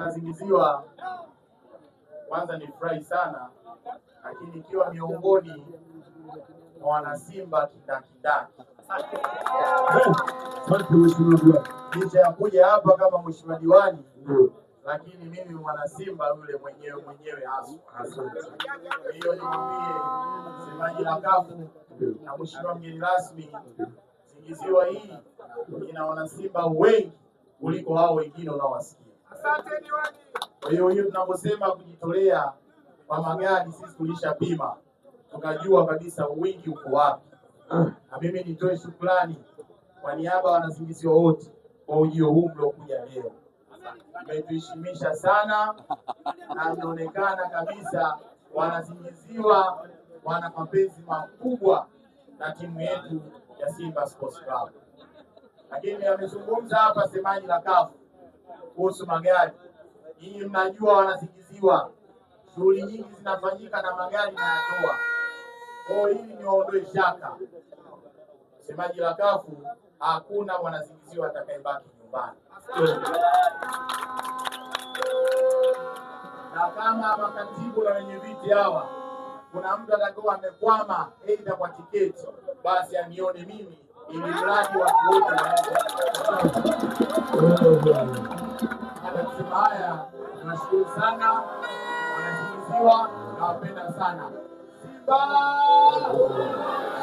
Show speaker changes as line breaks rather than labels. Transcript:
anazingiziwa, kwanza ni furahi sana, lakini ikiwa miongoni mwa wanasimba kindakindaki licha ya kuja hapa kama mheshimiwa diwani lakini mimi mwanasimba yule mwenyewe mwenyewe haswa. Hiyo nimwambie msemaji la kafu na mheshimiwa mgeni rasmi, Zingiziwa hii ina wanasimba wengi kuliko hao wengine unaowasikia. Asante diwani. Kwa hiyo hiyo tunaposema kujitolea kwa magari, sisi pima tukajua kabisa wingi uko wapi, na mimi nitoe shukrani kwa niaba wanazingizi wote kwa ujio huu mliokuja leo, umetuheshimisha sana na inaonekana kabisa wanazingiziwa wana mapenzi makubwa na timu yetu ya Simba Sports Club. Lakini amezungumza hapa semaji la kafu kuhusu magari. Nyinyi mnajua wanasingiziwa, shughuli nyingi zinafanyika na magari na yatoa ko. Hili ni waondoe shaka, msemaji wa kafu, hakuna mwanasingiziwa atakayebaki nyumbani na kama makatibu na wenye viti hawa, kuna mtu atakuwa amekwama aidha kwa tiketi, basi anione mimi, ili mradi wa wote haya, nashukuru sana, wanasikiziwa, nawapenda sana Simba.